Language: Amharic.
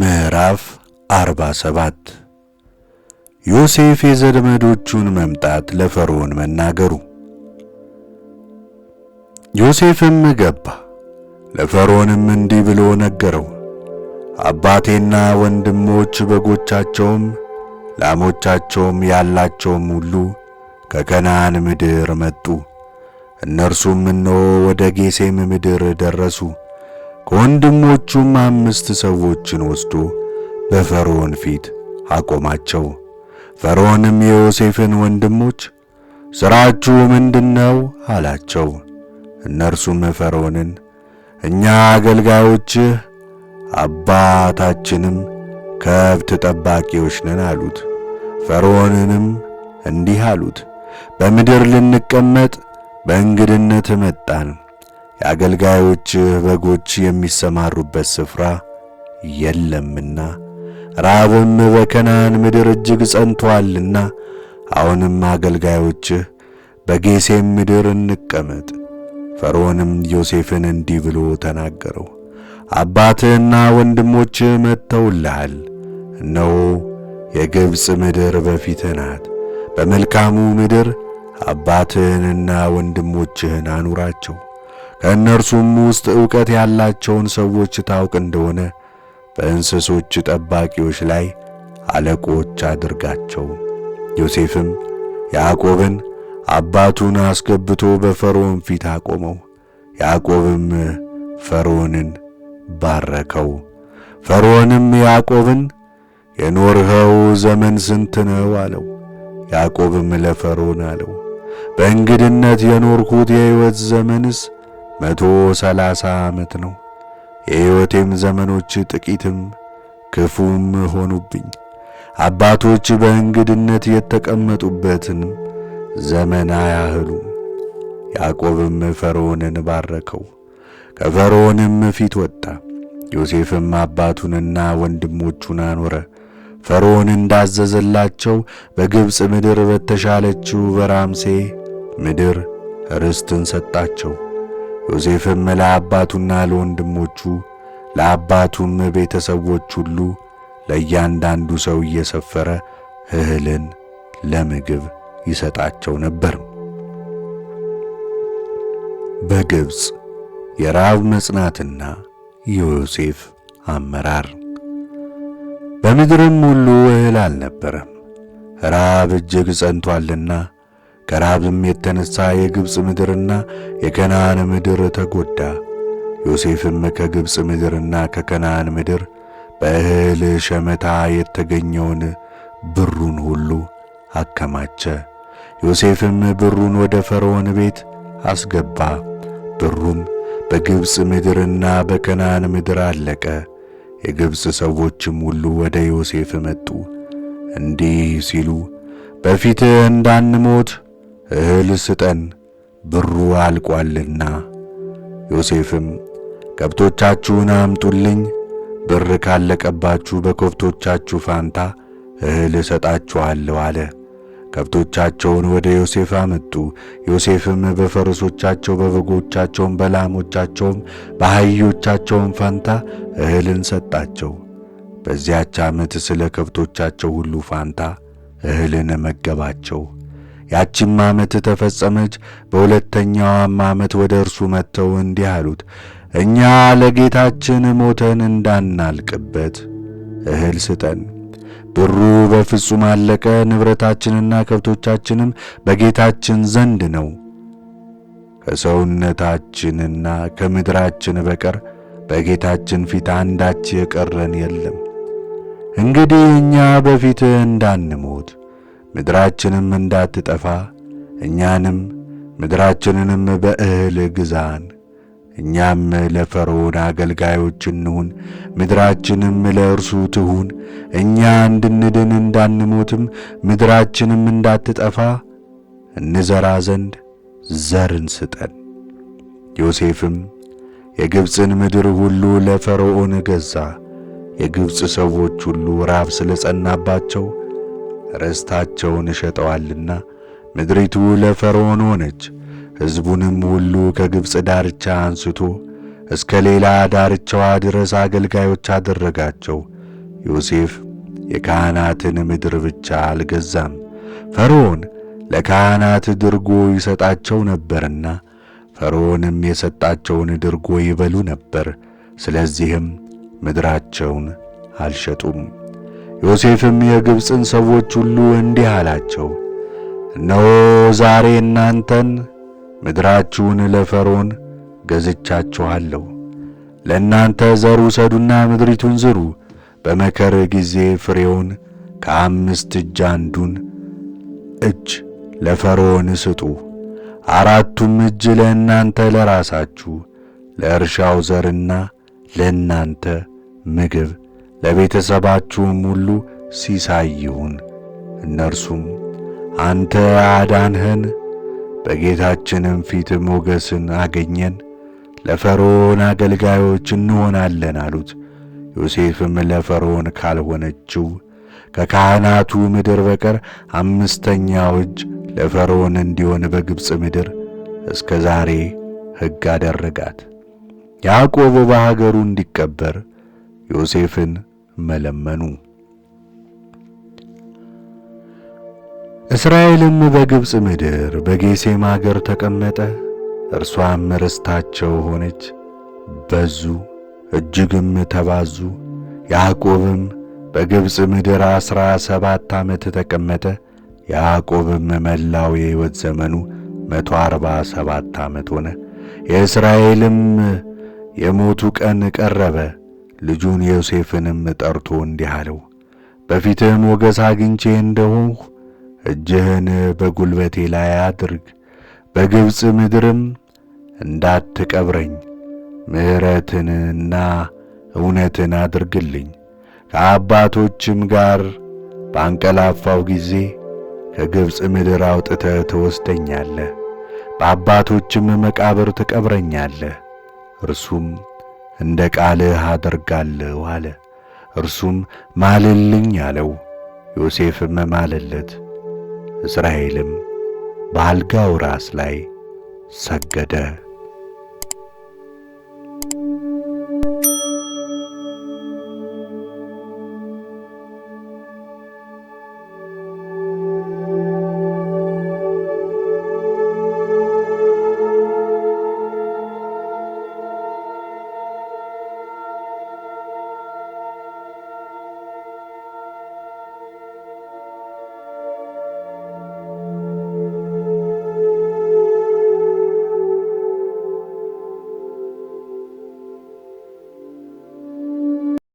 ምዕራፍ 47 ዮሴፍ የዘመዶቹን መምጣት ለፈርዖን መናገሩ። ዮሴፍም ገባ፣ ለፈርዖንም እንዲህ ብሎ ነገረው። አባቴና ወንድሞች በጎቻቸውም ላሞቻቸውም ያላቸውም ሁሉ ከከናን ምድር መጡ። እነርሱም እነሆ ወደ ጌሴም ምድር ደረሱ። ከወንድሞቹም አምስት ሰዎችን ወስዶ በፈርዖን ፊት አቆማቸው። ፈርዖንም የዮሴፍን ወንድሞች ሥራችሁ ምንድነው? አላቸው። እነርሱም ፈርዖንን እኛ አገልጋዮችህ አባታችንም ከብት ጠባቂዎች ነን አሉት። ፈርዖንንም እንዲህ አሉት፣ በምድር ልንቀመጥ በእንግድነት መጣን የአገልጋዮችህ በጎች የሚሰማሩበት ስፍራ የለምና ራብም በከናን ምድር እጅግ ጸንቶአልና፣ አሁንም አገልጋዮችህ በጌሴም ምድር እንቀመጥ። ፈርዖንም ዮሴፍን እንዲህ ብሎ ተናገረው፣ አባትህና ወንድሞችህ መጥተውልሃል። እነሆ የግብፅ ምድር በፊትህ ናት። በመልካሙ ምድር አባትህንና ወንድሞችህን አኑራቸው ከእነርሱም ውስጥ ዕውቀት ያላቸውን ሰዎች ታውቅ እንደሆነ በእንስሶች ጠባቂዎች ላይ አለቆች አድርጋቸው። ዮሴፍም ያዕቆብን አባቱን አስገብቶ በፈርዖን ፊት አቆመው። ያዕቆብም ፈርዖንን ባረከው። ፈርዖንም ያዕቆብን የኖርኸው ዘመን ስንት ነው? አለው። ያዕቆብም ለፈርዖን አለው፣ በእንግድነት የኖርሁት የሕይወት ዘመንስ መቶ ሰላሳ ዓመት ነው። የሕይወቴም ዘመኖች ጥቂትም ክፉም ሆኑብኝ። አባቶች በእንግድነት የተቀመጡበትን ዘመን አያህሉ። ያዕቆብም ፈርዖንን ባረከው፣ ከፈርዖንም ፊት ወጣ። ዮሴፍም አባቱንና ወንድሞቹን አኖረ። ፈርዖን እንዳዘዘላቸው በግብፅ ምድር በተሻለችው በራምሴ ምድር ርስትን ሰጣቸው። ዮሴፍም ለአባቱና ለወንድሞቹ ለአባቱም ቤተሰቦች ሁሉ ለእያንዳንዱ ሰው እየሰፈረ እህልን ለምግብ ይሰጣቸው ነበር። በግብፅ የራብ መጽናትና የዮሴፍ አመራር። በምድርም ሁሉ እህል አልነበረም፣ ራብ እጅግ ጸንቷልና ከራብም የተነሳ የግብፅ ምድርና የከነዓን ምድር ተጎዳ። ዮሴፍም ከግብፅ ምድርና ከከነዓን ምድር በእህል ሸመታ የተገኘውን ብሩን ሁሉ አከማቸ። ዮሴፍም ብሩን ወደ ፈርዖን ቤት አስገባ። ብሩም በግብፅ ምድርና በከነዓን ምድር አለቀ። የግብፅ ሰዎችም ሁሉ ወደ ዮሴፍ መጡ፣ እንዲህ ሲሉ በፊትህ እንዳንሞት እህል ስጠን ብሩ አልቋልና። ዮሴፍም ከብቶቻችሁን አምጡልኝ፣ ብር ካለቀባችሁ በከብቶቻችሁ ፋንታ እህል እሰጣችኋለሁ አለ። ከብቶቻቸውን ወደ ዮሴፍ አመጡ። ዮሴፍም በፈረሶቻቸው፣ በበጎቻቸውም፣ በላሞቻቸውም፣ በአህዮቻቸውም ፋንታ እህልን ሰጣቸው። በዚያች ዓመት ስለ ከብቶቻቸው ሁሉ ፋንታ እህልን መገባቸው። ያቺም ዓመት ተፈጸመች። በሁለተኛዋም ዓመት ወደ እርሱ መጥተው እንዲህ አሉት፣ እኛ ለጌታችን ሞተን እንዳናልቅበት እህል ስጠን። ብሩ በፍጹም አለቀ፣ ንብረታችንና ከብቶቻችንም በጌታችን ዘንድ ነው። ከሰውነታችንና ከምድራችን በቀር በጌታችን ፊት አንዳች የቀረን የለም። እንግዲህ እኛ በፊት እንዳንሞት ምድራችንም እንዳትጠፋ እኛንም ምድራችንንም በእህል ግዛን። እኛም ለፈርዖን አገልጋዮች እንሁን፣ ምድራችንም ለእርሱ ትሁን። እኛ እንድንድን እንዳንሞትም ምድራችንም እንዳትጠፋ እንዘራ ዘንድ ዘርን ስጠን። ዮሴፍም የግብፅን ምድር ሁሉ ለፈርዖን ገዛ። የግብፅ ሰዎች ሁሉ ራብ ስለ ጸናባቸው ርስታቸውን እሸጠዋልና ምድሪቱ ለፈርዖን ሆነች። ሕዝቡንም ሁሉ ከግብፅ ዳርቻ አንስቶ እስከ ሌላ ዳርቻዋ ድረስ አገልጋዮች አደረጋቸው። ዮሴፍ የካህናትን ምድር ብቻ አልገዛም፣ ፈርዖን ለካህናት ድርጎ ይሰጣቸው ነበርና ፈርዖንም የሰጣቸውን ድርጎ ይበሉ ነበር። ስለዚህም ምድራቸውን አልሸጡም። ዮሴፍም የግብፅን ሰዎች ሁሉ እንዲህ አላቸው፣ እነሆ ዛሬ እናንተን ምድራችሁን ለፈርዖን ገዝቻችኋለሁ። ለእናንተ ዘር ውሰዱና ምድሪቱን ዝሩ። በመከር ጊዜ ፍሬውን ከአምስት እጅ አንዱን እጅ ለፈርዖን ስጡ፣ አራቱም እጅ ለእናንተ ለራሳችሁ ለእርሻው ዘርና ለእናንተ ምግብ ለቤተሰባችሁም ሁሉ ሲሳይ ይሁን። እነርሱም አንተ አዳንህን፣ በጌታችንም ፊት ሞገስን አገኘን፣ ለፈርዖን አገልጋዮች እንሆናለን አሉት። ዮሴፍም ለፈርዖን ካልሆነችው ከካህናቱ ምድር በቀር አምስተኛው እጅ ለፈርዖን እንዲሆን በግብፅ ምድር እስከ ዛሬ ሕግ አደረጋት። ያዕቆብ በሀገሩ እንዲቀበር ዮሴፍን መለመኑ። እስራኤልም በግብፅ ምድር በጌሴም አገር ተቀመጠ። እርሷም ርስታቸው ሆነች። በዙ እጅግም ተባዙ። ያዕቆብም በግብፅ ምድር 17 ሰባት ዓመት ተቀመጠ። ያዕቆብም መላው የሕይወት ዘመኑ መቶ አርባ ሰባት ዓመት ሆነ። የእስራኤልም የሞቱ ቀን ቀረበ። ልጁን ዮሴፍንም ጠርቶ እንዲህ አለው፣ በፊትህ ሞገስ አግኝቼ እንደሆንሁ እጅህን በጉልበቴ ላይ አድርግ፣ በግብፅ ምድርም እንዳትቀብረኝ ምሕረትንና እውነትን አድርግልኝ። ከአባቶችም ጋር ባንቀላፋው ጊዜ ከግብፅ ምድር አውጥተህ ትወስደኛለህ፣ በአባቶችም መቃብር ትቀብረኛለህ። እርሱም እንደ ቃልህ አደርጋለሁ አለ። እርሱም ማልልኝ አለው። ዮሴፍም ማለለት። እስራኤልም በአልጋው ራስ ላይ ሰገደ።